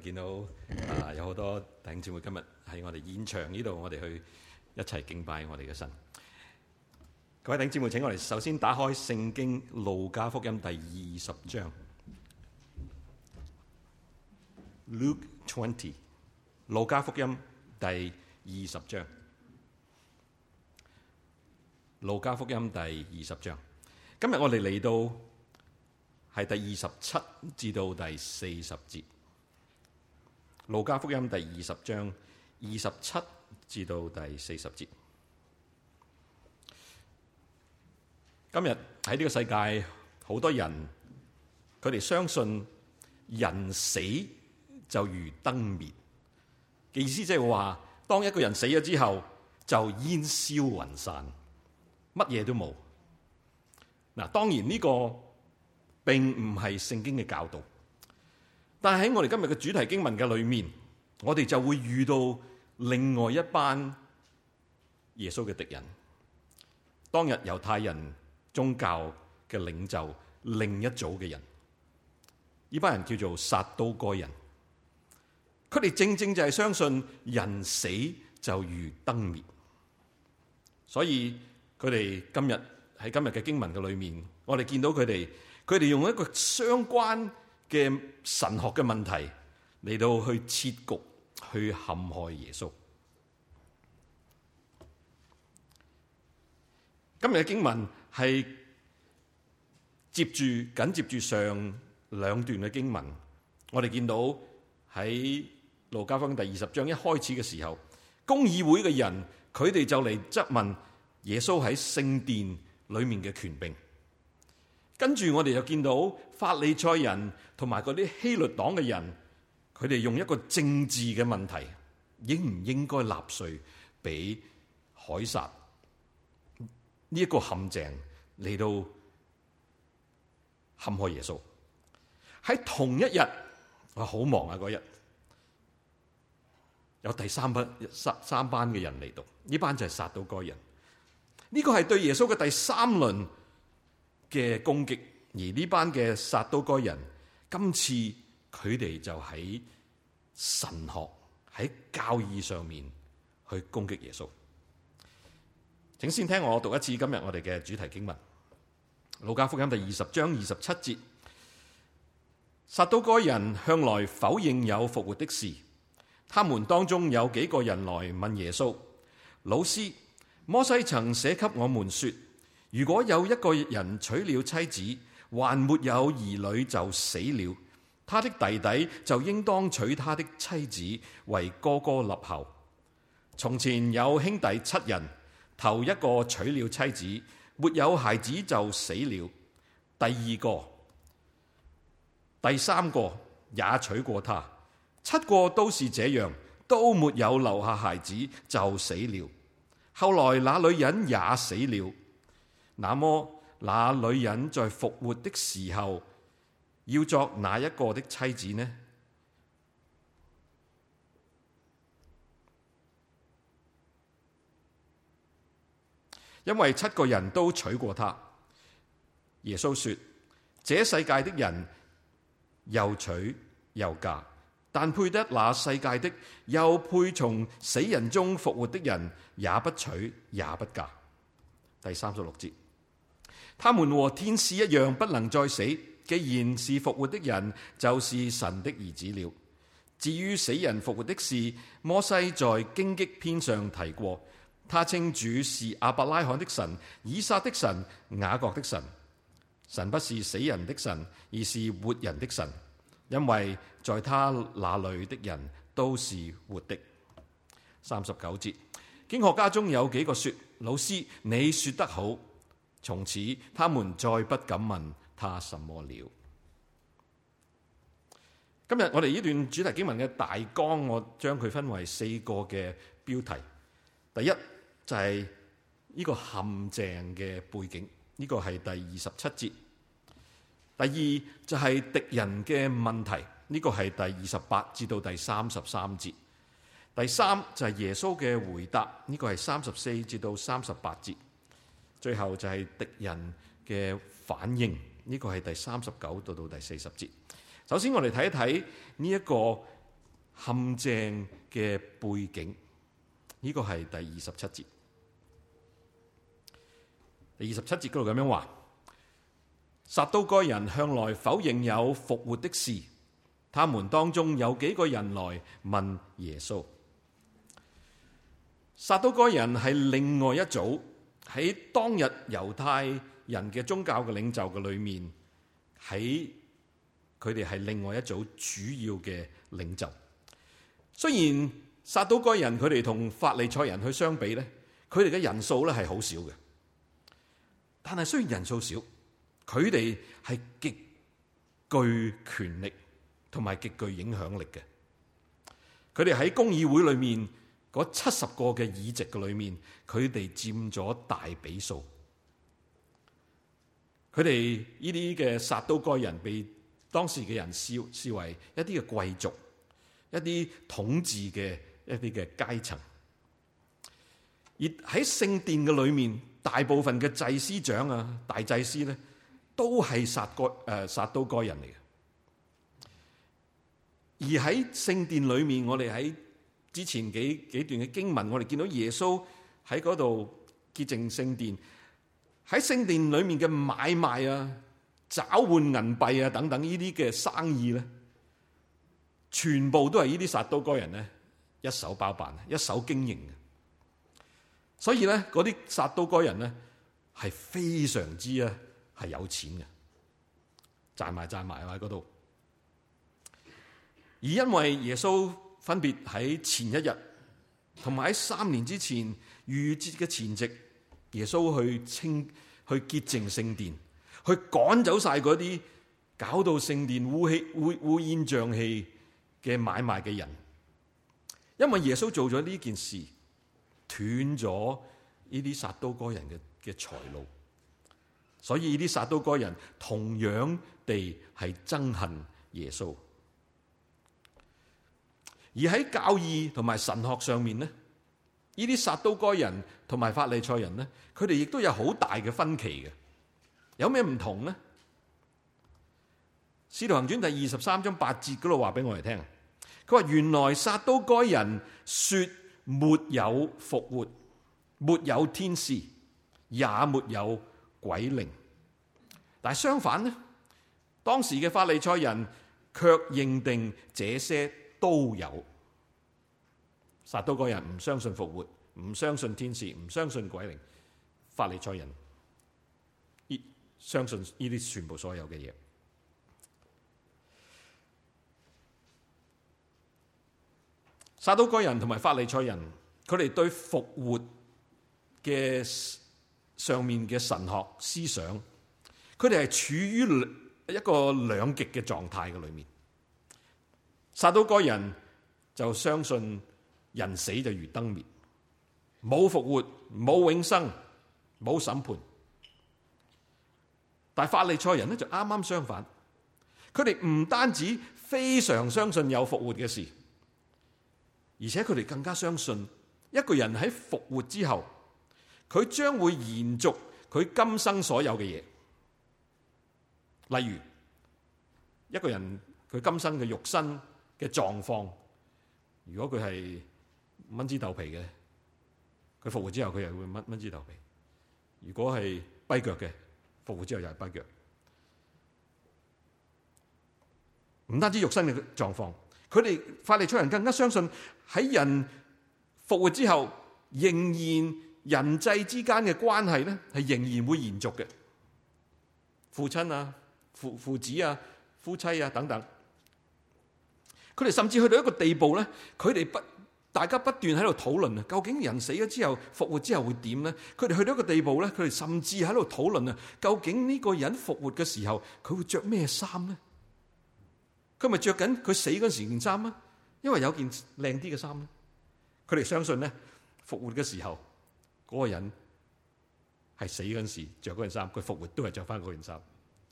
見到、啊、有好多弟兄姊妹今日喺我哋現場呢度，我哋去一齊敬拜我哋嘅神。各位弟兄姊妹，請我哋首先打開聖經《路加福音》第二十章 （Luke Twenty）。《路加福音》第二十章，《路加福音》第二十章。今日我哋嚟到係第二十七至到第四十節。路加福音第二十章二十七至到第四十節，今日喺呢個世界，好多人佢哋相信人死就如燈滅，嘅意思即係話，當一個人死咗之後，就煙消雲散，乜嘢都冇。嗱，當然呢個並唔係聖經嘅教導。但喺我哋今日嘅主題經文嘅裏面，我哋就會遇到另外一班耶穌嘅敵人，當日猶太人宗教嘅領袖，另一組嘅人，呢班人叫做撒都該人，佢哋正正就係相信人死就如燈滅，所以佢哋今日喺今日嘅經文嘅裏面，我哋見到佢哋，佢哋用一個相關。嘅神學嘅問題嚟到去設局去陷害耶穌。今日嘅經文係接住緊接住上兩段嘅經文，我哋見到喺路加福音第二十章一開始嘅時候，公議會嘅人佢哋就嚟質問耶穌喺聖殿裏面嘅權柄。跟住我哋就見到法利賽人同埋嗰啲希律黨嘅人，佢哋用一個政治嘅問題，應唔應該納稅俾凱撒？呢一個陷阱嚟到陷害耶穌。喺同一日，我好忙啊！嗰日有第三班三班嘅人嚟到，呢班就係撒都該人。呢個係對耶穌嘅第三輪。嘅攻擊，而呢班嘅撒都該人，今次佢哋就喺神學喺教義上面去攻擊耶穌。請先聽我讀一次今日我哋嘅主題經文《路加福音》第二十章二十七節。撒都該人向來否認有復活的事，他們當中有幾個人來問耶穌：老師，摩西曾寫給我們說。如果有一個人娶了妻子，還沒有兒女就死了，他的弟弟就應當娶他的妻子為哥哥立後。從前有兄弟七人，頭一個娶了妻子，沒有孩子就死了；第二個、第三個也娶過她，七個都是這樣，都沒有留下孩子就死了。後來那女人也死了。那麼，那女人在復活的時候，要作哪一個的妻子呢？因為七個人都娶過她。耶穌說：這世界的人又娶又嫁，但配得那世界的，又配從死人中復活的人，也不娶也不嫁。第三十六節。他們和天使一樣不能再死，既然是復活的人，就是神的兒子了。至於死人復活的事，摩西在荊棘篇上提過，他稱主是亞伯拉罕的神、以撒的神、雅各的神。神不是死人的神，而是活人的神，因為在他那裏的人都是活的。三十九節，經學家中有幾個說：老師，你說得好。從此，他們再不敢問他什麼了。今日我哋呢段主題經文嘅大綱，我將佢分為四個嘅標題。第一就係呢個陷阱嘅背景，呢個係第二十七節。第二就係敵人嘅問題，呢個係第二十八至到第三十三節。第三就係耶穌嘅回答，呢個係三十四至到三十八節。最後就係敵人嘅反應，呢個係第三十九到到第四十節。首先我哋睇一睇呢一個陷阱嘅背景，呢個係第二十七節。第二十七節嗰度咁樣話：撒都該人向來否認有復活的事，他們當中有幾個人來問耶穌。撒都該人係另外一組。喺當日猶太人嘅宗教嘅領袖嘅裏面，喺佢哋係另外一組主要嘅領袖。雖然撒都該人佢哋同法利賽人去相比咧，佢哋嘅人數咧係好少嘅，但係雖然人數少，佢哋係極具權力同埋極具影響力嘅。佢哋喺公議會裏面，七十個嘅議席嘅裏面，佢哋佔咗大比數。佢哋呢啲嘅撒都該人，被當時嘅人視視為一啲嘅貴族、一啲統治嘅一啲嘅階層。而喺聖殿嘅裏面，大部分嘅祭司長啊、大祭司咧，都係撒都誒撒都該人嚟嘅。而喺聖殿裏面，我哋喺之前幾幾段嘅經文，我哋見到耶穌喺嗰度潔淨聖殿，喺聖殿裏面嘅買賣啊、找換銀幣啊等等呢啲嘅生意咧，全部都係呢啲撒都該人咧一手包辦、一手經營嘅。所以咧，嗰啲撒都該人咧係非常之咧係有錢嘅，賺埋賺埋喺嗰度。而因為耶穌。分別喺前一日，同埋喺三年之前預節嘅前夕，耶穌去清去潔淨聖殿，去趕走晒嗰啲搞到聖殿烏氣、烏烏煙瘴氣嘅買賣嘅人。因為耶穌做咗呢件事，斷咗呢啲撒都該人嘅嘅財路，所以呢啲撒都該人同樣地係憎恨耶穌。而喺教義同埋神學上面咧，呢啲撒都該人同埋法利賽人呢，佢哋亦都有好大嘅分歧嘅。有咩唔同呢？《使徒行傳》第二十三章八節嗰度話俾我哋聽，佢話原來撒都該人說沒有復活，沒有天使，也沒有鬼靈。但係相反呢，當時嘅法利賽人卻認定這些。都有撒都該人，唔相信復活，唔相信天使，唔相信鬼靈，法利賽人亦相信呢啲全部所有嘅嘢。撒都該人同埋法利賽人，佢哋對復活嘅上面嘅神學思想，佢哋係處於一個兩極嘅狀態嘅裏面。撒都該人就相信人死就如燈滅，冇復活、冇永生、冇審判。但係法利賽人咧就啱啱相反，佢哋唔單止非常相信有復活嘅事，而且佢哋更加相信一個人喺復活之後，佢將會延續佢今生所有嘅嘢，例如一個人佢今生嘅肉身嘅狀況，如果佢係蚊子豆皮嘅，佢復活之後佢又會蚊蚊子豆皮；如果係跛腳嘅，復活之後又係跛腳。唔單止肉身嘅狀況，佢哋法利賽人，更加相信喺人復活之後，仍然人際之間嘅關係咧，係仍然會延續嘅。父親啊，父父子啊，夫妻啊，等等。佢哋甚至去到一個地步咧，佢哋不大家不斷喺度討論啊，究竟人死咗之後復活之後會點咧？佢哋去到一個地步咧，佢哋甚至喺度討論啊，究竟呢個人復活嘅時候，佢會着咩衫咧？佢咪着緊佢死嗰時件衫啊？因為有件靚啲嘅衫咧，佢哋相信咧，復活嘅時候嗰個人係死嗰陣時著嗰件衫，佢復活都係着翻嗰件衫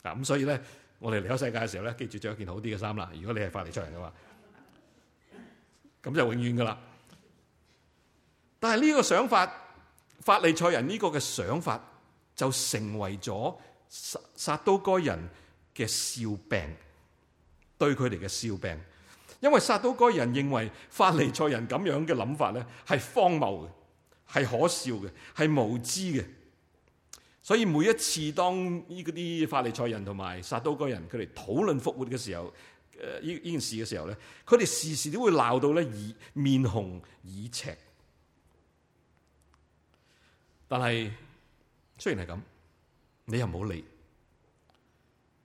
啊！咁所以咧，我哋嚟咗世界嘅時候咧，記住着一件好啲嘅衫啦。如果你係法利賽人嘅話。咁就永遠㗎喇！但係呢個想法，法利賽人呢個嘅想法，就成為咗撒撒都該人嘅笑柄，對佢哋嘅笑柄。因為撒都該人認為法利賽人咁樣嘅諗法咧，係荒謬嘅，係可笑嘅，係無知嘅。所以每一次當呢啲法利賽人同埋撒都該人佢哋討論復活嘅時候，誒，呢呢件事嘅時候咧，佢哋時時都會鬧到咧，以面紅耳赤。但係雖然係咁，你又唔好理。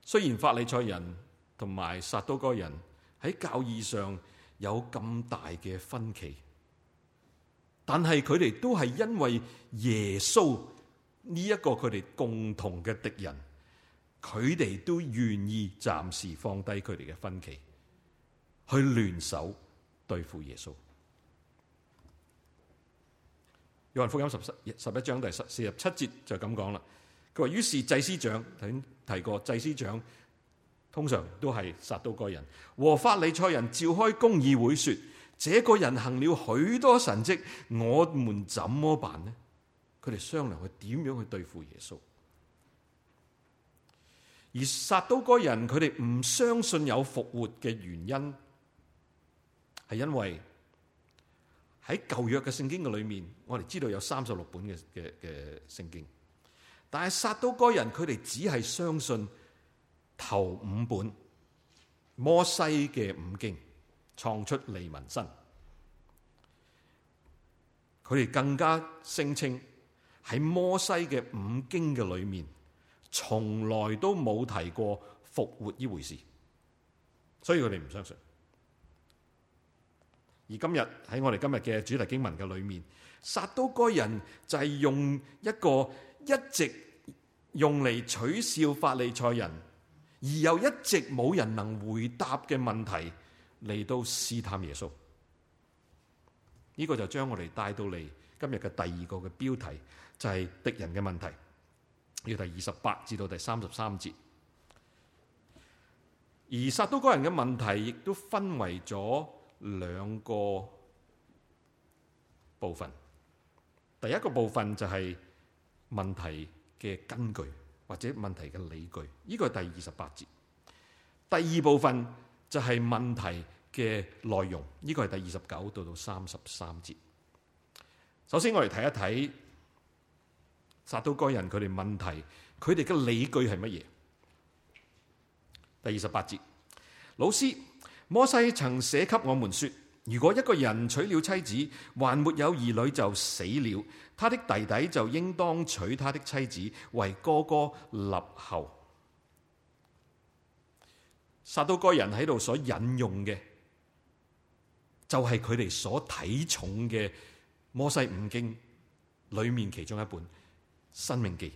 雖然法利賽人同埋撒都該人喺教義上有咁大嘅分歧，但係佢哋都係因為耶穌呢一個佢哋共同嘅敵人。佢哋都願意暫時放低佢哋嘅分歧，去聯手對付耶穌。約翰福音十十一,十一章第十四十七節就咁講啦。佢話：於是祭司長，頭先提過祭司長，通常都係撒都該人。和法利賽人召開公議會，說：這個人行了許多神跡，我們怎麼辦呢？佢哋商量去點樣去對付耶穌。而撒都該人佢哋唔相信有復活嘅原因，係因為喺舊約嘅聖經嘅裏面，我哋知道有三十六本嘅嘅聖經，但係撒都該人佢哋只係相信頭五本摩西嘅五經，創出利民申。佢哋更加聲稱喺摩西嘅五經嘅裏面。從來都冇提過復活呢回事，所以佢哋唔相信。而今日喺我哋今日嘅主題經文嘅裏面，撒都該人就係用一個一直用嚟取笑法利賽人，而又一直冇人能回答嘅問題嚟到試探耶穌。呢、這個就將我哋帶到嚟今日嘅第二個嘅標題，就係、是、敵人嘅問題。要第二十八至到第三十三節，而撒都該人嘅問題亦都分為咗兩個部分。第一個部分就係問題嘅根據或者問題嘅理據，呢個係第二十八節。第二部分就係問題嘅內容，呢個係第二十九到到三十三節。首先，我哋睇一睇。撒都該人，佢哋問題，佢哋嘅理據係乜嘢？第二十八節，老師，摩西曾寫給我們說，如果一個人娶了妻子，還沒有兒女就死了，他的弟弟就應當娶他的妻子為哥哥立後。撒都該人喺度所引用嘅，就係佢哋所睇重嘅摩西五經裏面其中一本《申命記》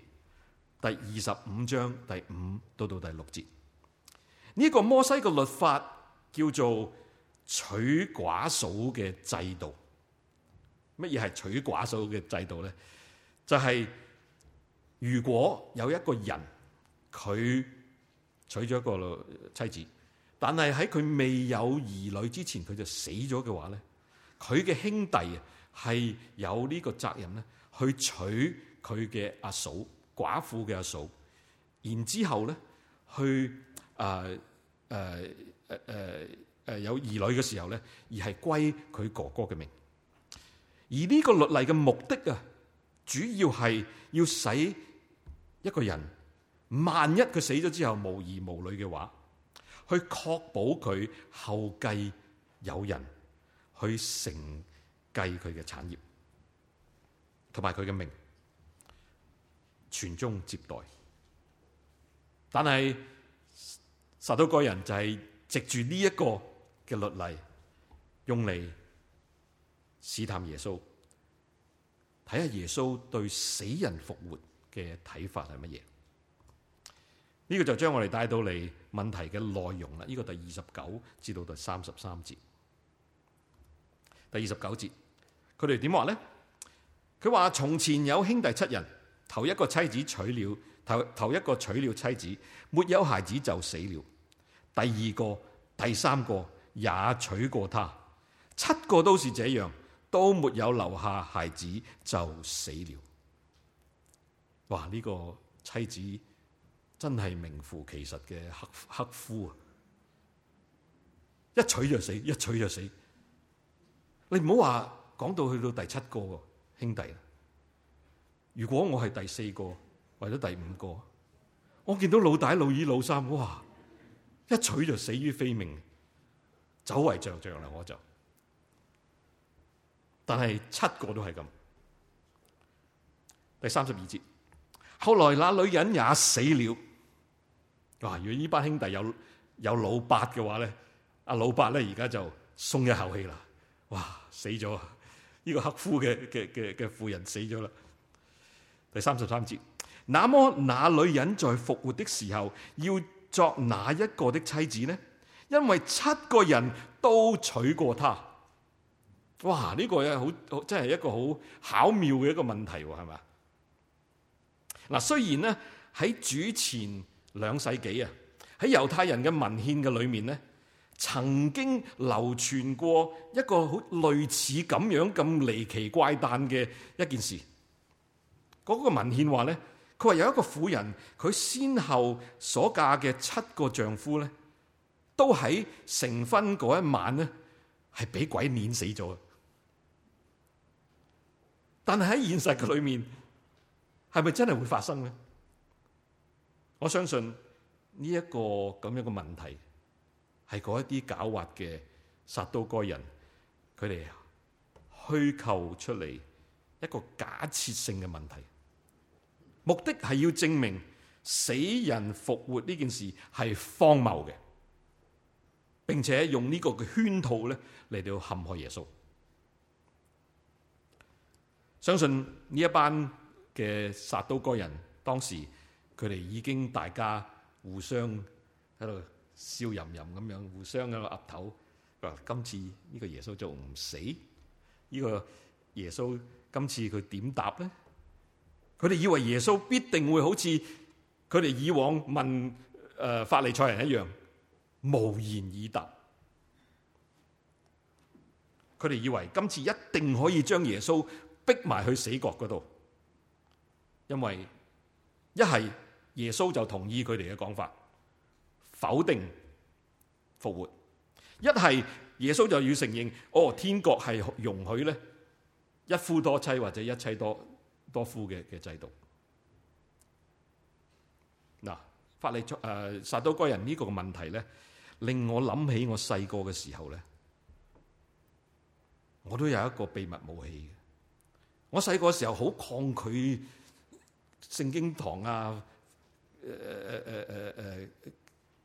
第二十五章第五到到第六節，呢、這個摩西嘅律法叫做娶寡嫂嘅制度。乜嘢係娶寡嫂嘅制度咧？就係、是、如果有一個人佢娶咗一個妻子，但係喺佢未有兒女之前佢就死咗嘅話咧，佢嘅兄弟係有呢個責任咧去娶。佢嘅阿嫂，寡婦嘅阿嫂，然之後咧去誒誒誒誒有兒女嘅時候咧，而係歸佢哥哥嘅名。而呢個律例嘅目的啊，主要係要使一個人萬一佢死咗之後無兒無女嘅話，去確保佢後繼有人去承繼佢嘅產業同埋佢嘅名。傳宗接代，但係撒都該人就係藉住呢一個嘅律例，用嚟試探耶穌，睇下耶穌對死人復活嘅睇法係乜嘢？呢、這個就將我哋帶到嚟問題嘅內容啦。呢、這個第二十九至到第三十三節，第二十九節，佢哋點話咧？佢話從前有兄弟七人。頭一個妻子娶了，頭頭一個娶了妻子，沒有孩子就死了。第二個、第三個也娶過他。七個都是這樣，都沒有留下孩子就死了。哇！呢個妻子真係名副其實嘅克克夫啊！一娶就死，一娶就死。你唔好話講到去到第七個兄弟。如果我係第四個或者第五個，我見到老大老二老三，哇！一娶就死於非命，走為上象啦。我就，但係七個都係咁。第三十二節，後來那女人也死了。如果呢班兄弟有有老八嘅話咧，阿老八咧而家就鬆一口氣啦。哇！死咗呢、這個克夫嘅嘅嘅嘅婦人死咗啦。第三十三節，那麼那女人在復活的時候要作哪一個的妻子呢？因為七個人都娶過她。哇！呢個嘢好，真係一個好巧妙嘅一個問題，係咪？嗱，雖然呢，喺主前兩世紀啊，喺猶太人嘅文獻嘅裏面呢，曾經流傳過一個好類似咁樣咁離奇怪誕嘅一件事。嗰、那個文獻話咧，佢話有一個婦人，佢先後所嫁嘅七個丈夫咧，都喺成婚嗰一晚咧，係俾鬼捏死咗。但係喺現實嘅裏面，係咪真係會發生咧？我相信呢一、這個咁樣嘅問題，係嗰一啲狡猾嘅撒都該人，佢哋虛構出嚟一個假設性嘅問題。目的係要證明死人復活呢件事係荒謬嘅，並且用呢個嘅圈套咧嚟到陷害耶穌。相信呢一班嘅撒都該人，當時佢哋已經大家互相喺度笑吟吟咁樣，互相喺度岌頭。嗱，今次呢個耶穌做唔死，呢、這個耶穌今次佢點答咧？佢哋以為耶穌必定會好似佢哋以往問誒法利賽人一樣無言以答。佢哋以為今次一定可以將耶穌逼埋去死國嗰度，因為一係耶穌就同意佢哋嘅講法，否定復活；一係耶穌就要承認，哦，天國係容許咧一夫多妻或者一妻多。多夫嘅嘅制度嗱，法利賽誒撒都該人呢個問題咧，令我諗起我細個嘅時候咧，我都有一個秘密武器嘅。我細個時候好抗拒聖經堂啊，誒誒誒誒誒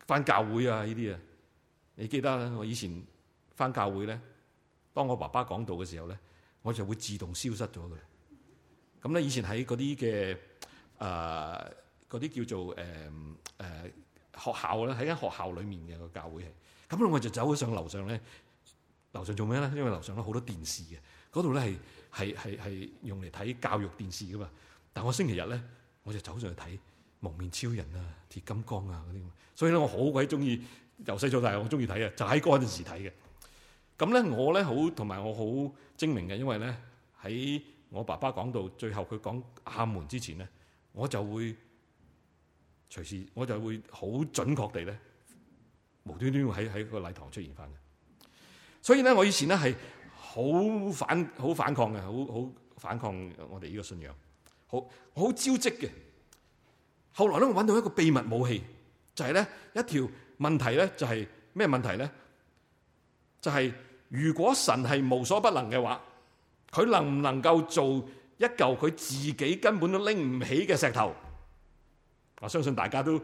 翻教會啊呢啲啊，你記得啦？我以前翻教會咧，當我爸爸講道嘅時候咧，我就會自動消失咗嘅。咁咧，以前喺嗰啲嘅誒嗰啲叫做誒誒、呃呃、學校咧，喺間學校裏面嘅個教會，咁我就走咗上樓上咧，樓上做咩咧？因為樓上咧好多電視嘅，嗰度咧係係係係用嚟睇教育電視噶嘛。但我星期日咧，我就走上去睇《蒙面超人》啊，《鐵金剛》啊，啊嗰啲，所以咧，我好鬼中意，由細到大我中意睇啊，就喺嗰陣時睇嘅。咁咧，很我咧好同埋我好精明嘅，因為咧喺。我爸爸講到最後，佢講喊門之前咧，我就會隨時，我就會好準確地咧，無端端喺喺個禮堂出現翻嘅。所以咧，我以前咧係好反好反抗嘅，好好反抗我哋呢個信仰。好，我好招積嘅。後來咧，我揾到一個秘密武器，就係、是、咧一條問題咧、就是，就係咩問題咧？就係如果神係無所不能嘅話。佢能唔能夠做一嚿佢自己根本都拎唔起嘅石頭？我相信大家都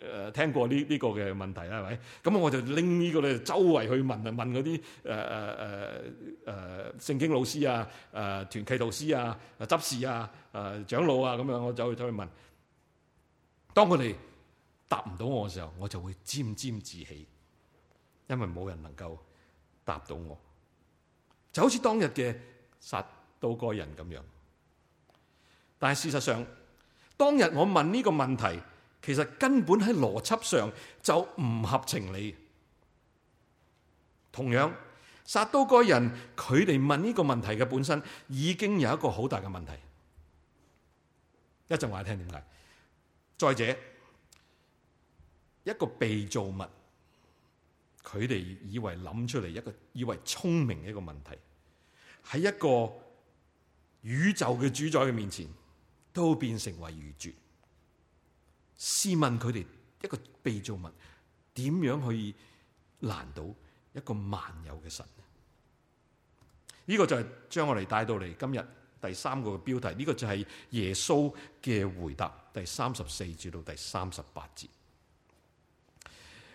誒聽過呢呢個嘅問題啦，係咪？咁我就拎呢個咧，周圍去問啊，問嗰啲誒誒誒誒聖經老師啊、誒團契導師啊、誒執事啊、誒、呃、長老啊咁樣，我走去走去問。當佢哋答唔到我嘅時候，我就會沾沾自喜，因為冇人能夠答到我。就好似當日嘅撒都該人咁樣，但係事實上，當日我問呢個問題，其實根本喺邏輯上就唔合情理。同樣，撒都該人，佢哋問呢個問題嘅本身，已經有一個好大嘅問題。一陣話你聽點解？再者，一個被造物，佢哋以為諗出嚟一個以為聰明嘅一個問題。喺一個宇宙嘅主宰嘅面前，都變成為愚拙。試問佢哋一個被造物點樣可以難倒一個萬有嘅神？呢、這個就係將我哋帶到嚟今日第三個嘅標題。呢、這個就係耶穌嘅回答，第三十四節到第三十八節。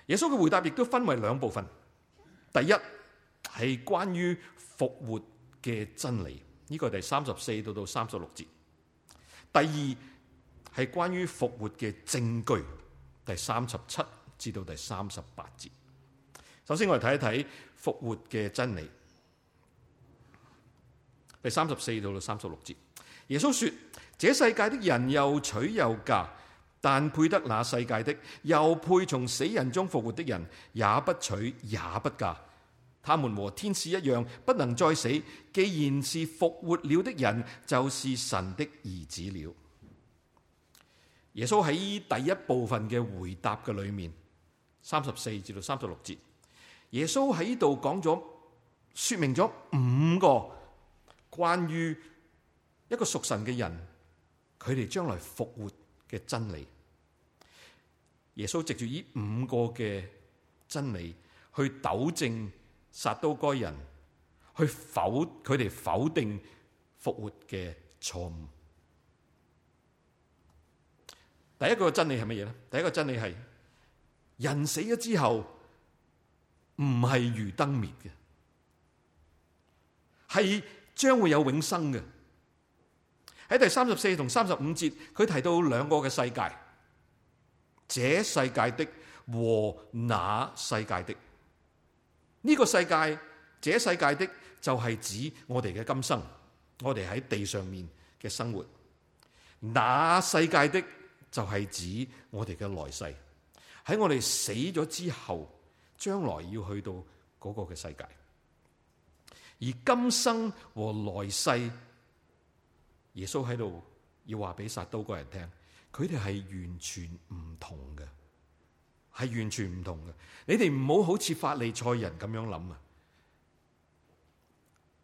耶穌嘅回答亦都分為兩部分，第一係關於復活。嘅真理，呢、這個係第三十四到到三十六節。第二係關於復活嘅證據，第三十七至到第三十八節。首先我哋睇一睇復活嘅真理，第三十四到到三十六節。耶穌說：這世界的人又娶又嫁，但配得那世界的，又配從死人中復活的人，也不娶也不嫁。他們和天使一樣不能再死，既然是復活了的人，就是神的兒子了。耶穌喺第一部分嘅回答嘅裏面，三十四至到三十六節，耶穌喺度講咗，說明咗五個關於一個屬神嘅人，佢哋將來復活嘅真理。耶穌藉住呢五個嘅真理去糾正。殺到該人，去否佢哋否定復活嘅錯誤。第一個真理係乜嘢咧？第一個真理係人死咗之後唔係如燈滅嘅，係將會有永生嘅。喺第三十四同三十五節，佢提到兩個嘅世界：這世界的和那世界的。呢、這個世界，這世界的就係、是、指我哋嘅今生，我哋喺地上面嘅生活；那世界的就係、是、指我哋嘅來世，喺我哋死咗之後，將來要去到嗰個嘅世界。而今生和來世，耶穌喺度要話俾撒都該人聽，佢哋係完全唔同嘅。係完全唔同嘅，你哋唔好好似法利賽人咁樣諗啊！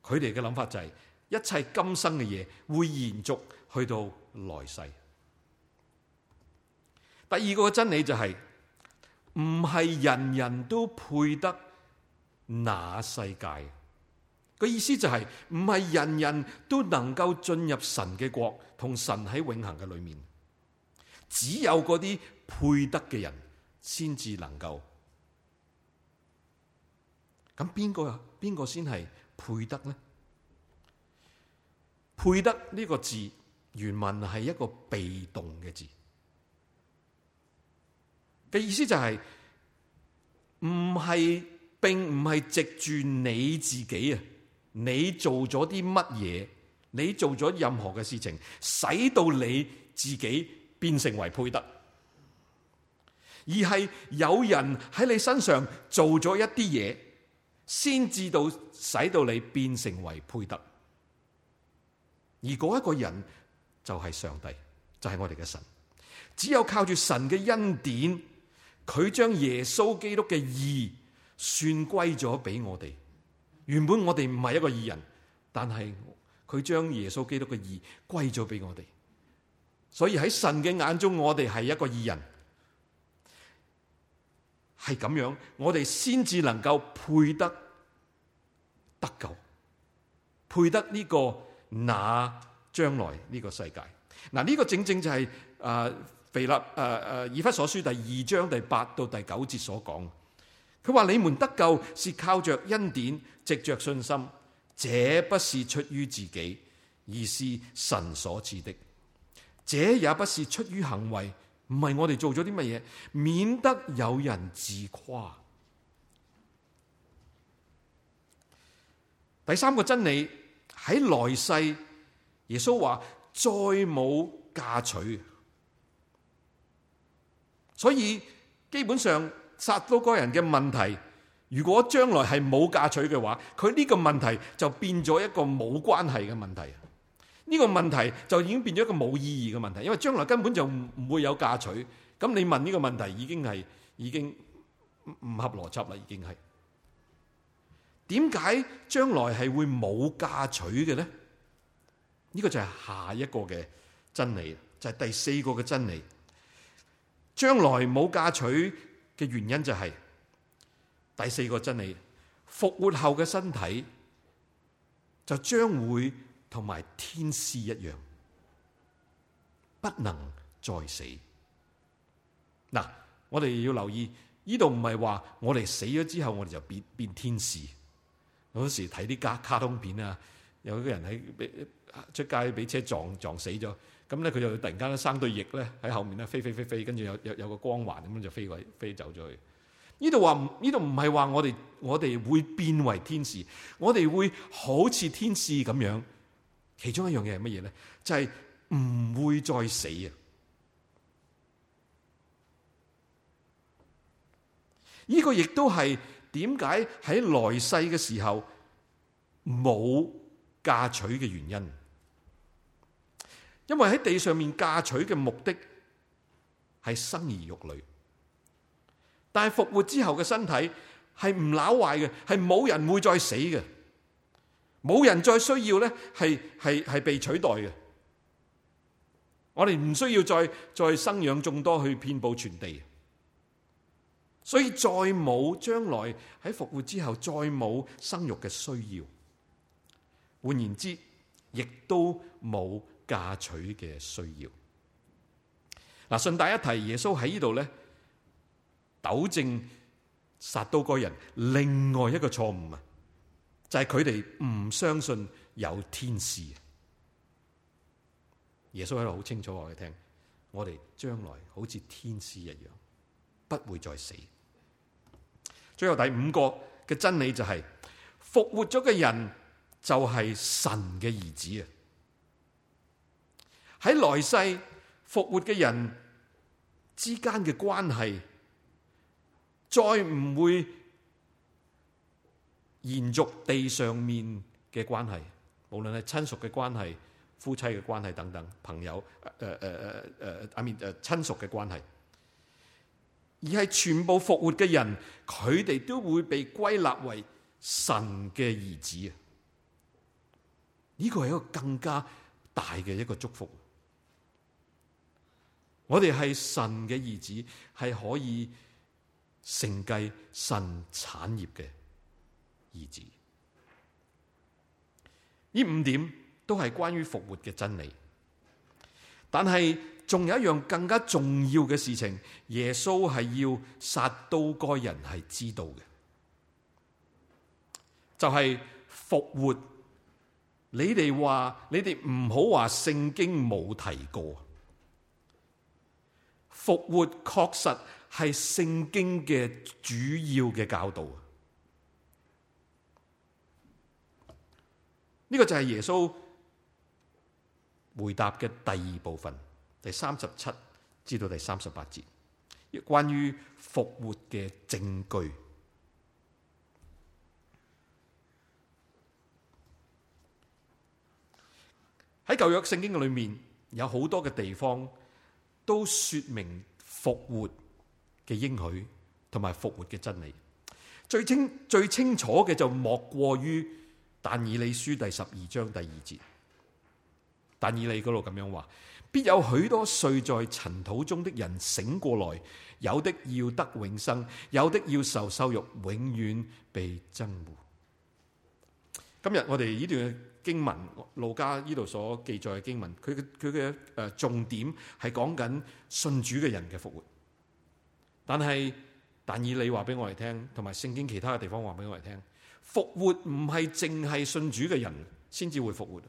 佢哋嘅諗法就係，一切今生嘅嘢會延續去到來世。第二個真理就係，唔係人人都配得那世界。個意思就係，唔係人人都能夠進入神嘅國同神喺永恆嘅裏面，只有嗰啲配得嘅人，先至能夠，咁邊個啊，邊個先係配得呢？配得呢個字原文係一個被動嘅字，嘅意思就係唔係，並唔係藉住你自己啊！你做咗啲乜嘢？你做咗任何嘅事情，使到你自己變成為配得。而係有人喺你身上做咗一啲嘢，先至到使到你變成為配得。而嗰一個人就係上帝，就係我哋嘅神。只有靠住神嘅恩典，佢將耶穌基督嘅義算歸咗俾我哋。原本我哋唔係一個義人，但係佢將耶穌基督嘅義歸咗俾我哋。所以喺神嘅眼中，我哋係一個義人。係咁樣，我哋先至能夠配得得救，配得呢、這個那將來呢、這個世界。嗱，呢個正正就係、是、誒、呃《腓立誒誒以弗所書》第二章第八到第九節所講。佢話，你們得救是靠着恩典，藉着信心，這不是出於自己，而是神所賜的。這也不是出於行為。唔係我哋做咗啲乜嘢，免得有人自誇。第三個真理喺來世，耶穌話再冇嫁娶。所以基本上撒都該人嘅問題，如果將來係冇嫁娶嘅話，佢呢個問題就變咗一個冇關係嘅問題。呢、這個問題就已經變咗一個冇意義嘅問題，因為將來根本就唔唔會有嫁娶，咁你問呢個問題已經係已經唔唔合邏輯啦，已經係。點解將來係會冇嫁娶嘅咧？呢、這個就係下一個嘅真理，就係、是、第四個嘅真理。將來冇嫁娶嘅原因就係、是、第四個真理，復活後嘅身體就將會。同埋天使一樣，不能再死。嗱，我哋要留意，呢度唔係話我哋死咗之後，我哋就變變天使。有時睇啲家卡通片啊，有個人喺出街俾車撞撞死咗，咁咧佢就突然間生對翼咧喺後面咧飛飛飛飛，跟住有有有個光環咁樣就飛過飛走咗去。呢度話呢度唔係話我哋我哋會變為天使，我哋會好似天使咁樣。其中一樣嘢係乜嘢咧？就係唔會再死啊！呢個亦都係點解喺來世嘅時候冇嫁娶嘅原因，因為喺地上面嫁娶嘅目的係生兒育女，但係復活之後嘅身體係唔朽壞嘅，係冇人會再死嘅。冇人再需要咧，係係係被取代嘅。我哋唔需要再再生養眾多去遍佈全地，所以再冇，將來喺復活之後再冇生育嘅需要。換言之，亦都冇嫁娶嘅需要。嗱，順帶一提，耶穌喺呢度咧糾正撒都該人另外一個錯誤啊！就係佢哋唔相信有天使，耶穌喺度好清楚話佢聽，我哋將來好似天使一樣，不會再死。最後第五個嘅真理就係、是、復活咗嘅人就係神嘅兒子啊！喺來世復活嘅人之間嘅關係，再唔會。延續地上面嘅關係，無論係親屬嘅關係、夫妻嘅關係等等，朋友誒誒誒誒阿明誒親屬嘅關係，而係全部復活嘅人，佢哋都會被歸納為神嘅兒子啊！呢個係一個更加大嘅一個祝福。我哋係神嘅兒子，係可以承繼神產業嘅。而止，呢五點都係關於復活嘅真理。但係仲有一樣更加重要嘅事情，耶穌係要撒都該人係知道嘅，就係、是、復活。你哋話，你哋唔好話聖經冇提過復活，確實係聖經嘅主要嘅教導。呢個就係耶穌回答嘅第二部分，第三十七至到第三十八節，關於復活嘅證據。喺舊約聖經嘅裏面，有好多嘅地方都說明復活嘅應許，同埋復活嘅真理。最清最清楚嘅就莫過於。但以理書第十二章第二節，但以理嗰度咁樣話：必有許多睡在塵土中的人醒過來，有的要得永生，有的要受羞辱，永遠被憎惡。今日我哋呢段經文，路加呢度所記載嘅經文，佢嘅佢嘅誒重點係講緊信主嘅人嘅複活。但係，但以理話俾我哋聽，同埋聖經其他嘅地方話俾我哋聽。復活唔係淨係信主嘅人先至會復活，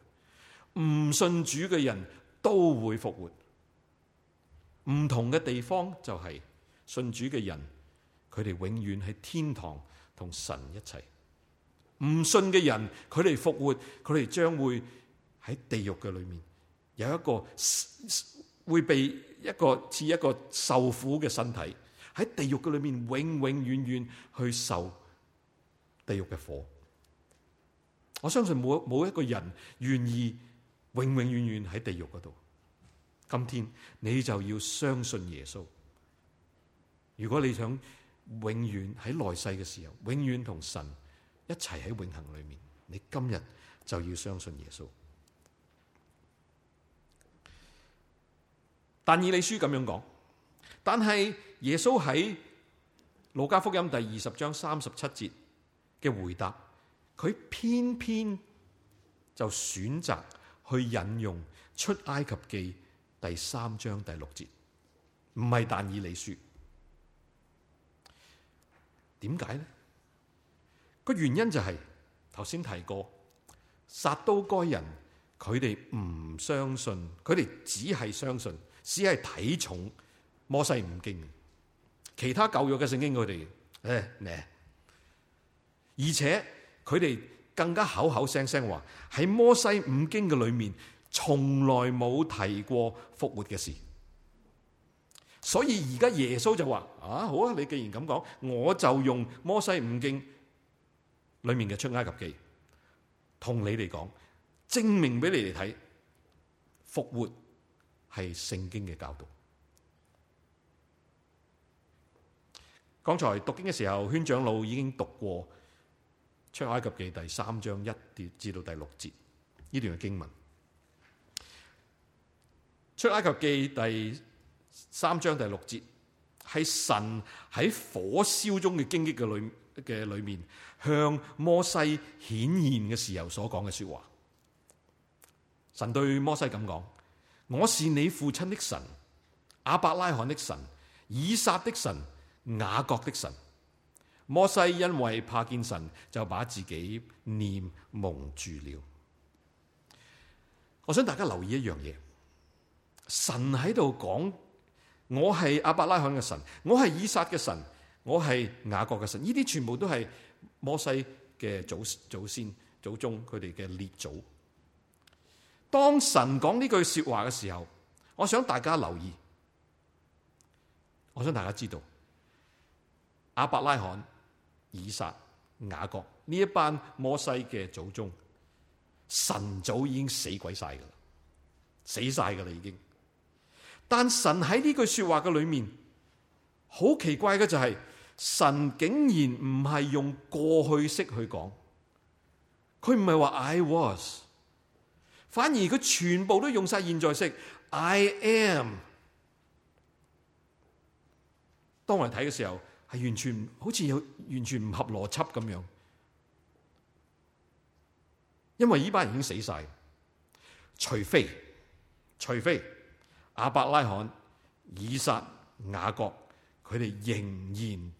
唔信主嘅人都會復活。唔同嘅地方就係信主嘅人，佢哋永遠喺天堂同神一齊；唔信嘅人，佢哋復活，佢哋將會喺地獄嘅裏面有一個會被一個似一個受苦嘅身體，喺地獄嘅裏面永遠永遠永遠去受地獄嘅火，我相信冇冇一個人願意永永遠遠喺地獄嗰度。今天你就要相信耶穌。如果你想永遠喺來世嘅時候，永遠同神一齊喺永恆裏面，你今日就要相信耶穌。但以理書咁樣講，但係耶穌喺《路加福音》第二十章三十七節。嘅回答，佢偏偏就選擇去引用出埃及記第三章第六節，唔係但以理書。點解咧？個原因就係頭先提過，撒都該人，佢哋唔相信，佢哋只係相信，只係睇重摩西五經，其他舊約嘅聖經佢哋誒咩？而且佢哋更加口口聲聲話喺摩西五經嘅裏面，從來冇提過復活嘅事。所以而家耶穌就話：啊，好啊！你既然咁講，我就用摩西五經裏面嘅出埃及記，同你哋講，證明俾你哋睇復活係聖經嘅教導。剛才讀經嘅時候，圈長老已經讀過。出埃及記第三章一節至到第六節，呢段嘅經文。出埃及記第三章第六節，喺神喺火燒中嘅荊棘嘅裏嘅裏面，向摩西顯現嘅時候所講嘅說的話。神對摩西咁講：我是你父親的神，亞伯拉罕的神，以撒的神，雅各的神。摩西因為怕見神，就把自己念蒙住了。我想大家留意一樣嘢，神喺度講：我係亞伯拉罕嘅神，我係以撒嘅神，我係雅各嘅神。呢啲全部都係摩西嘅祖祖先祖宗，佢哋嘅列祖。當神講呢句說話嘅時候，我想大家留意，我想大家知道亞伯拉罕。以撒、雅各呢一班摩西嘅祖宗，神早已經死鬼晒噶啦，死晒噶啦已經。但神喺呢句說話嘅裏面，好奇怪嘅就係、是、神竟然唔係用過去式去講，佢唔係話 I was，反而佢全部都用晒現在式 I am。當我哋睇嘅時候。係完全好似有完全唔合邏輯咁樣，因為呢班人已經死晒，除非除非亞伯拉罕、以撒、雅各，佢哋仍然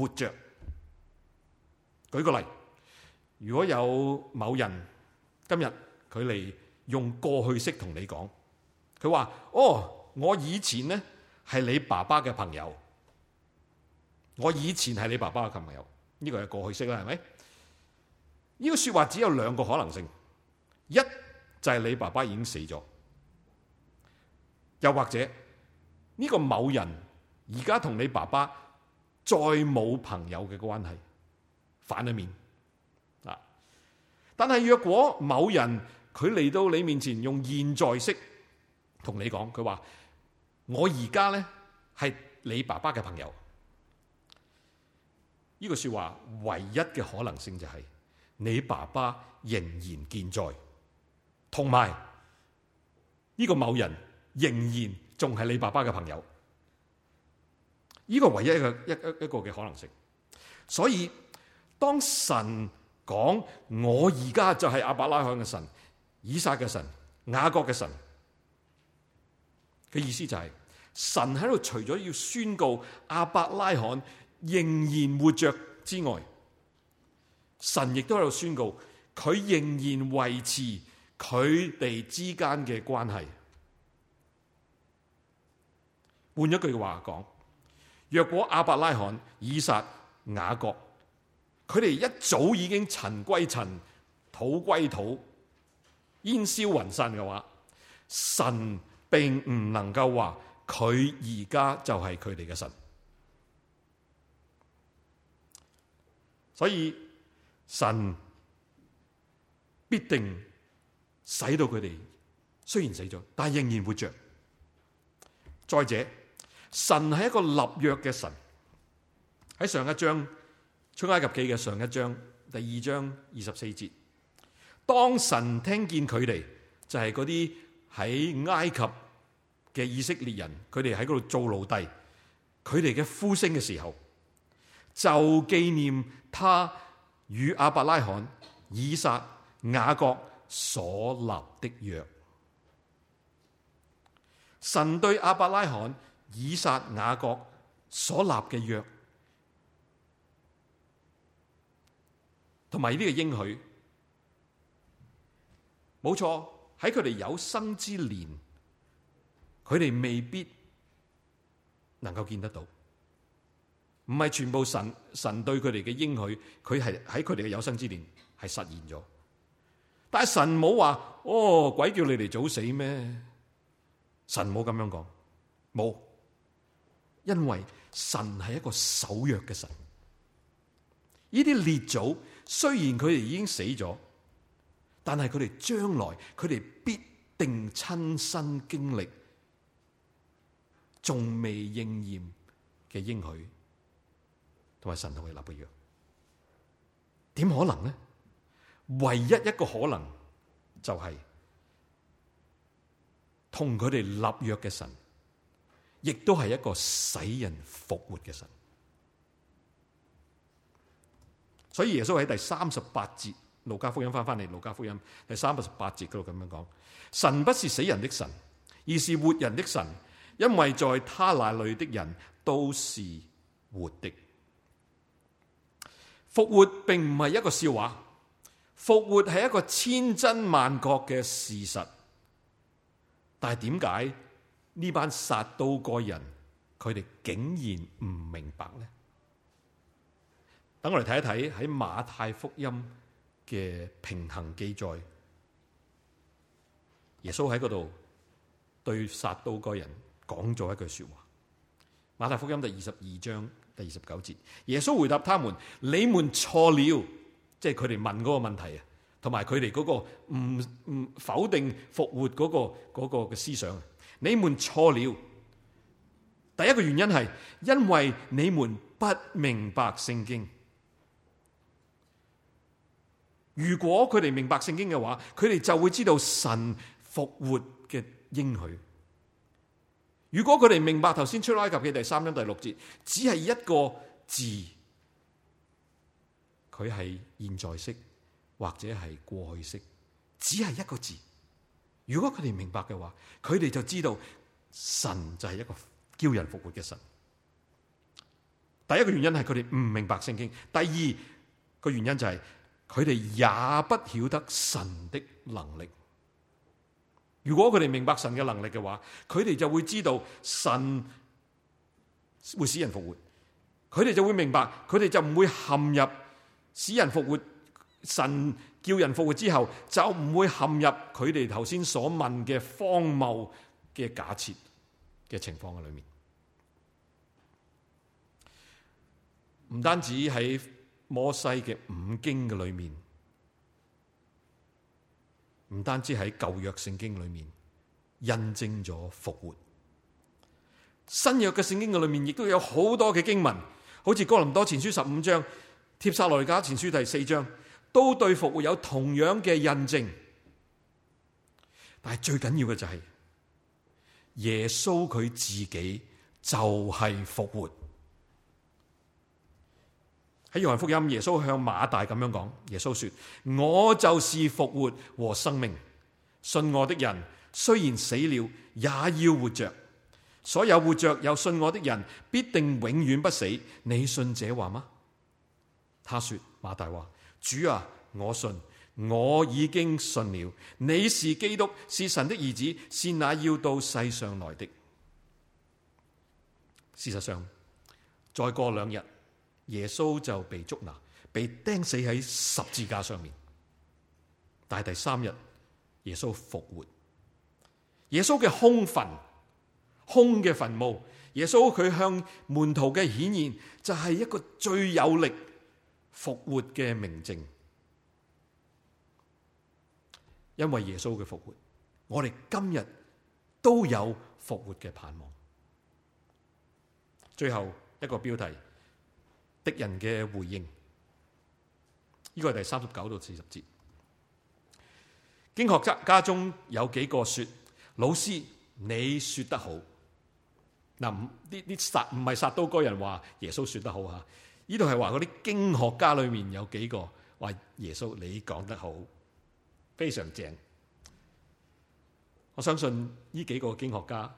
活着。舉個例，如果有某人今日佢嚟用過去式同你講，佢話：哦，我以前呢係你爸爸嘅朋友。我以前係你爸爸嘅朋友，呢個係過去式啦，係咪？呢、這個說話只有兩個可能性，一就係、是、你爸爸已經死咗，又或者呢、這個某人而家同你爸爸再冇朋友嘅關係，反咗面啊。但係若果某人佢嚟到你面前用現在式同你講，佢話我而家咧係你爸爸嘅朋友。呢、這個說話唯一嘅可能性就係、是、你爸爸仍然健在，同埋呢個某人仍然仲係你爸爸嘅朋友。呢、這個唯一一個一一一個嘅可能性。所以當神講我而家就係亞伯拉罕嘅神、以撒嘅神、雅各嘅神嘅意思就係、是、神喺度除咗要宣告亞伯拉罕，仍然活着之外，神亦都喺度宣告，佢仍然維持佢哋之間嘅關係。換一句話講，若果亞伯拉罕、以撒、雅各，佢哋一早已經塵歸塵、土歸土、煙消雲散嘅話，神並唔能夠話佢而家就係佢哋嘅神。所以神必定使到佢哋雖然死咗，但係仍然活着。再者，神係一個立約嘅神。喺上一章出埃及記嘅上一章第二章二十四節，當神聽見佢哋就係啲喺埃及嘅以色列人，佢哋喺度做奴隸，佢哋嘅呼聲嘅時候。就紀念他與亞伯拉罕、以撒、雅各所立的約。神對亞伯拉罕、以撒、雅各所立嘅約，同埋呢個應許沒，冇錯喺佢哋有生之年，佢哋未必能夠見得到。唔係全部神神對佢哋嘅應許，佢係喺佢哋嘅有生之年係實現咗。但係神冇話哦，鬼叫你哋早死咩？神冇咁樣講，冇。因為神係一個守約嘅神。呢啲列祖雖然佢哋已經死咗，但係佢哋將來佢哋必定親身經歷仲未應驗嘅應許。同埋神同佢立嘅約，點可能呢？唯一一個可能就係同佢哋立約嘅神，亦都係一個使人復活嘅神。所以耶穌喺第三十八節《路加福音》翻翻嚟，《路加福音》第三十八節嗰度咁樣講：神不是死人的神，而是活人的神，因為在他那裡的人都是活的。復活並唔係一個笑話，復活係一個千真萬確嘅事實。但係點解呢班撒都該人，佢哋竟然唔明白呢？等我嚟睇一睇喺馬太福音嘅平衡記載，耶穌喺嗰度對撒都該人講咗一句說話。馬太福音第二十二章。第二十九節，耶穌回答他們：你們錯了，即係佢哋問嗰個問題啊，同埋佢哋嗰個唔唔否定復活嗰個嗰個嘅思想。你們錯了，第一個原因係因為你們不明白聖經。如果佢哋明白聖經嘅話，佢哋就會知道神復活嘅應許。如果佢哋明白頭先出埃及嘅第三章第六節，只係一個字，佢係現在式或者係過去式，只係一個字。如果佢哋明白嘅話，佢哋就知道神就係一個叫人復活嘅神。第一個原因係佢哋唔明白聖經，第二個原因就係佢哋也不曉得神的能力。如果佢哋明白神嘅能力嘅話，佢哋就會知道神會使人復活，佢哋就會明白，佢哋就唔會陷入使人復活，神叫人復活之後就唔會陷入佢哋頭先所問嘅荒謬嘅假設嘅情況嘅裏面。唔單止喺摩西嘅五經嘅裏面。唔單止喺舊約聖經裏面印證咗復活，新約嘅聖經嘅裏面亦都有好多嘅經文，好似哥林多前書十五章、帖撒羅尼迦前書第四章，都對復活有同樣嘅印證。但係最緊要嘅就係耶穌佢自己就係復活。喺約翰福音，耶穌向馬大咁樣講：耶穌說，我就是復活和生命，信我的人雖然死了，也要活着；所有活着又信我的人，必定永遠不死。你信這話嗎？他說：馬大話，主啊，我信，我已經信了。你是基督，是神的兒子，是那要到世上來的。事實上，再過兩日。耶穌就被捉拿，被釘死喺十字架上面。但係第三日，耶穌復活。耶穌嘅空墳，空嘅墳墓。耶穌佢向門徒嘅顯現，就係一個最有力復活嘅明證。因為耶穌嘅復活，我哋今日都有復活嘅盼望。最後一個標題。敵人嘅回應，呢個係第三十九到四十節。經學家家中有幾個説：老師，你説得好。嗱，呢啲撒唔係撒都該人話耶穌説得好嚇。呢度係話嗰啲經學家裏面有幾個話耶穌，你講得好，非常正。我相信呢幾個經學家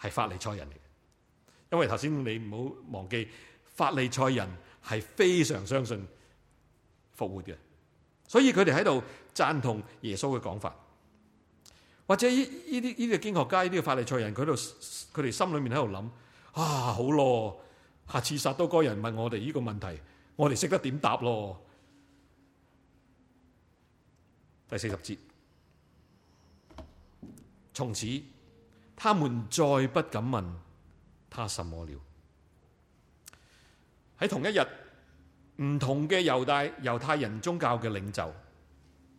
係法利賽人嚟嘅，因為頭先你唔好忘記。法利賽人係非常相信復活嘅，所以佢哋喺度讚同耶穌嘅講法。或者呢依啲依啲經學家、呢啲法利賽人，佢喺度佢哋心裏面喺度諗：啊，好咯，下次殺多個人問我哋呢個問題，我哋識得點答咯。第四十節，從此他們再不敢問他什麼了。喺同一日，唔同嘅猶大、猶太人、宗教嘅領袖、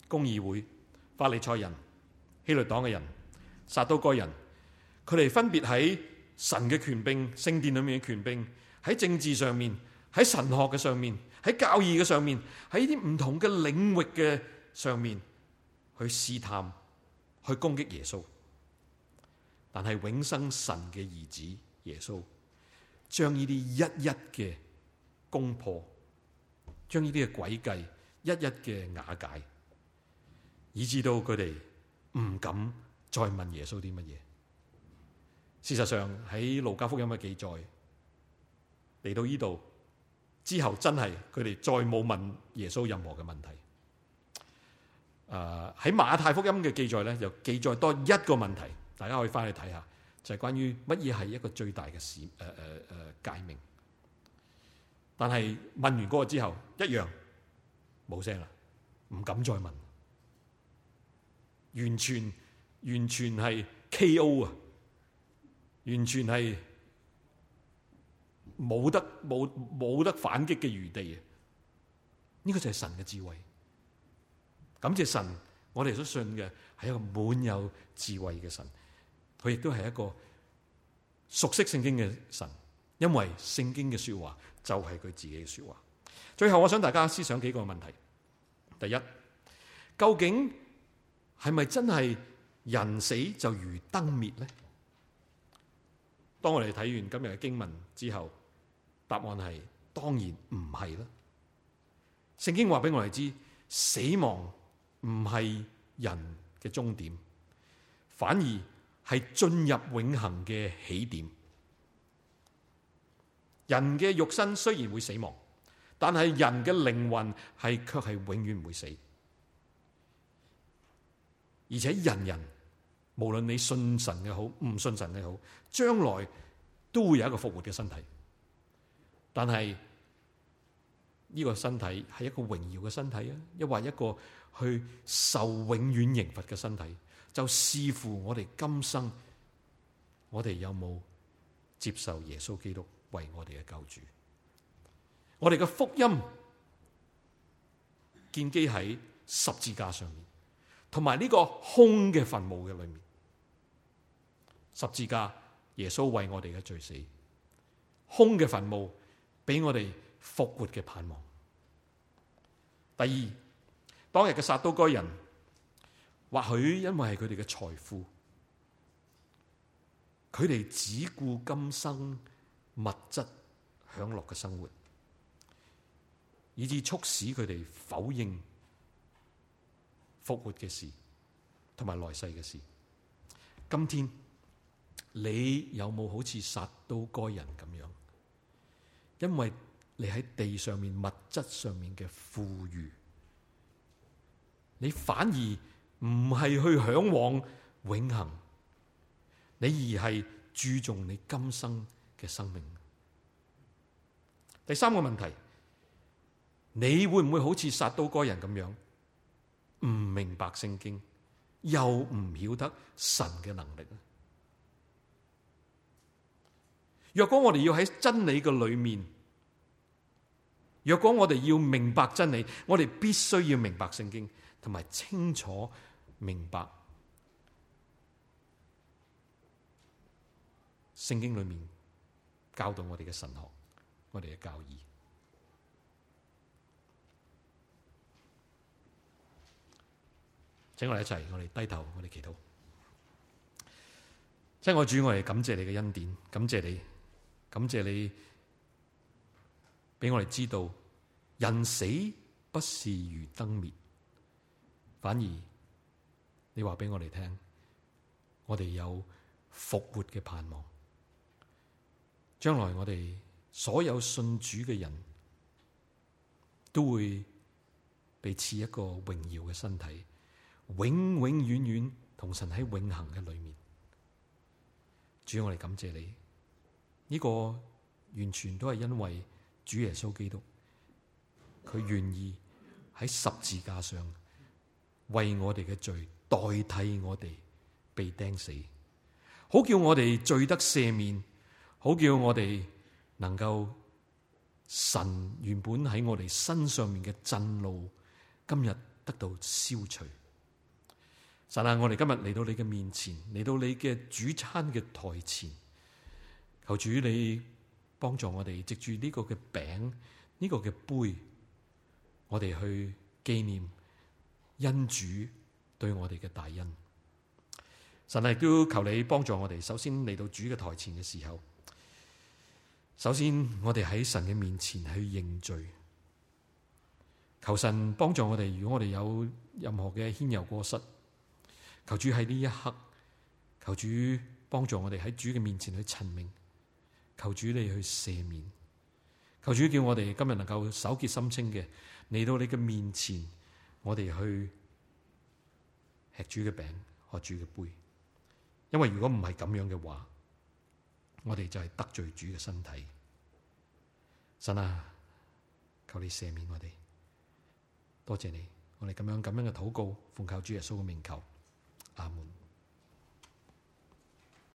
公議會、法利賽人、希律黨嘅人、撒都該人，佢哋分別喺神嘅權柄、聖殿裏面嘅權柄，喺政治上面、喺神學嘅上面、喺教義嘅上面，喺啲唔同嘅領域嘅上面去試探、去攻擊耶穌。但係永生神嘅兒子耶穌，將呢啲一一嘅攻破，將呢啲嘅詭計一一嘅瓦解，以致到佢哋唔敢再問耶穌啲乜嘢。事實上喺路加福音嘅記載，嚟到呢度之後真，真係佢哋再冇問耶穌任何嘅問題。誒、呃，喺馬太福音嘅記載咧，又記載多一個問題，大家可以翻去睇下，就係、是、關於乜嘢係一個最大嘅史誒誒誒誡命。但係問完嗰個之後，一樣冇聲啦，唔敢再問，完全完全係 K.O. 啊，完全係冇得冇冇得反擊嘅餘地啊！呢個就係神嘅智慧，感謝神，我哋所信嘅係一個滿有智慧嘅神，佢亦都係一個熟悉聖經嘅神，因為聖經嘅說話。就係、是、佢自己嘅說話。最後，我想大家思想幾個問題：第一，究竟係咪真係人死就如燈滅呢？當我哋睇完今日嘅經文之後，答案係當然唔係啦。聖經話俾我哋知，死亡唔係人嘅終點，反而係進入永恒嘅起點。人嘅肉身雖然會死亡，但係人嘅靈魂係卻係永遠唔會死。而且人人無論你信神嘅好，唔信神嘅好，將來都會有一個復活嘅身體。但係呢個身體係一個榮耀嘅身體啊，抑或一個去受永遠刑罰嘅身體，就視乎我哋今生，我哋有冇接受耶穌基督？為我哋嘅救主，我哋嘅福音建基喺十字架上面，同埋呢個空嘅墳墓嘅裏面。十字架，耶穌為我哋嘅罪死；空嘅墳墓，俾我哋復活嘅盼望。第二，當日嘅撒都該人，或許因為係佢哋嘅財富，佢哋只顧今生。物質享樂嘅生活，以致促使佢哋否認復活嘅事，同埋來世嘅事。今天你有冇好似撒都該人咁樣？因為你喺地上面物質上面嘅富裕，你反而唔係去向往永恒，你而係注重你今生嘅生命。第三個問題，你會唔會好似撒都該人咁樣，唔明白聖經，又唔曉得神嘅能力咧？若果我哋要喺真理嘅裏面，若果我哋要明白真理，我哋必須要明白聖經，同埋清楚明白聖經裏面。教導我哋嘅神學，我哋嘅教義，請我哋一齊，我哋低頭，我哋祈禱。即係我主，我哋感謝你嘅恩典，感謝你，感謝你俾我哋知道，人死不是如燈滅，反而你話俾我哋聽，我哋有復活嘅盼望。將來我哋所有信主嘅人都會被賜一個榮耀嘅身體，永永遠遠同神喺永恒嘅裏面。主，要我哋感謝你，呢、呢個完全都係因為主耶穌基督，佢願意喺十字架上為我哋嘅罪代替我哋被釘死，好叫我哋罪得赦免。好叫我哋能夠神原本喺我哋身上面嘅震怒，今日得到消除。神啊，我哋今日嚟到你嘅面前，嚟到你嘅主餐嘅台前，求主你幫助我哋藉住呢個嘅餅，呢個嘅杯，我哋去紀念恩主對我哋嘅大恩。神啊，都求你幫助我哋。首先嚟到主嘅台前嘅時候，首先，我哋喺神嘅面前去認罪，求神幫助我哋。如果我哋有任何嘅愆尤過失，求主喺呢一刻，求主幫助我哋喺主嘅面前去陳明，求主你去赦免，求主叫我哋今日能夠手潔心清嘅嚟到你嘅面前，我哋去吃主嘅餅，喝主嘅杯。因為如果唔係咁樣嘅話，我哋就係得罪主嘅身體，神啊，求你赦免我哋，多謝你，我哋咁樣咁樣嘅禱告，奉靠主耶穌嘅名，求，阿門。